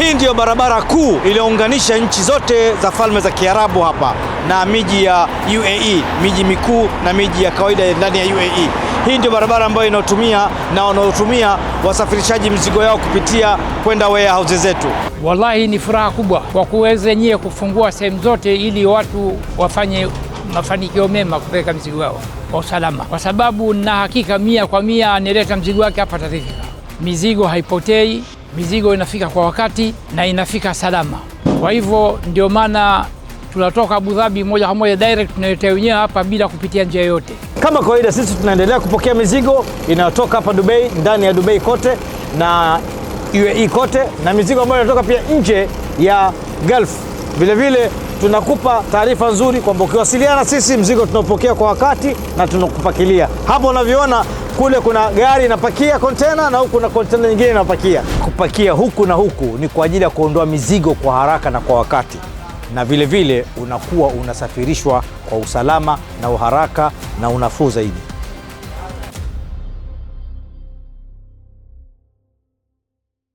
Hii ndiyo barabara kuu iliyounganisha nchi zote za falme za Kiarabu hapa na miji ya UAE, miji mikuu na miji ya kawaida ndani ya UAE. Hii ndio barabara ambayo inaotumia na wanaotumia wasafirishaji mzigo yao kupitia kwenda warehouse zetu. Wallahi ni furaha kubwa kwa kuweza nyie kufungua sehemu zote ili watu wafanye mafanikio mema kupeleka mzigo wao kwa usalama, kwa sababu na hakika mia kwa mia anaeleta mzigo wake hapa atafika, mizigo haipotei mizigo inafika kwa wakati na inafika salama. Kwa hivyo ndio maana tunatoka Abu Dhabi moja kwa moja direct tunaletea wenyewe hapa bila kupitia njia yoyote. Kama kawaida, sisi tunaendelea kupokea mizigo inayotoka hapa Dubai, ndani ya Dubai kote na UAE kote, na mizigo ambayo inatoka pia nje ya Gulf. Vilevile tunakupa taarifa nzuri kwamba ukiwasiliana sisi, mzigo tunaopokea kwa wakati na tunakupakilia. Hapo unavyoona kule kuna gari inapakia kontena na huku na kontena nyingine inapakia. Kupakia huku na huku ni kwa ajili ya kuondoa mizigo kwa haraka na kwa wakati, na vilevile vile unakuwa unasafirishwa kwa usalama na uharaka na unafuu zaidi.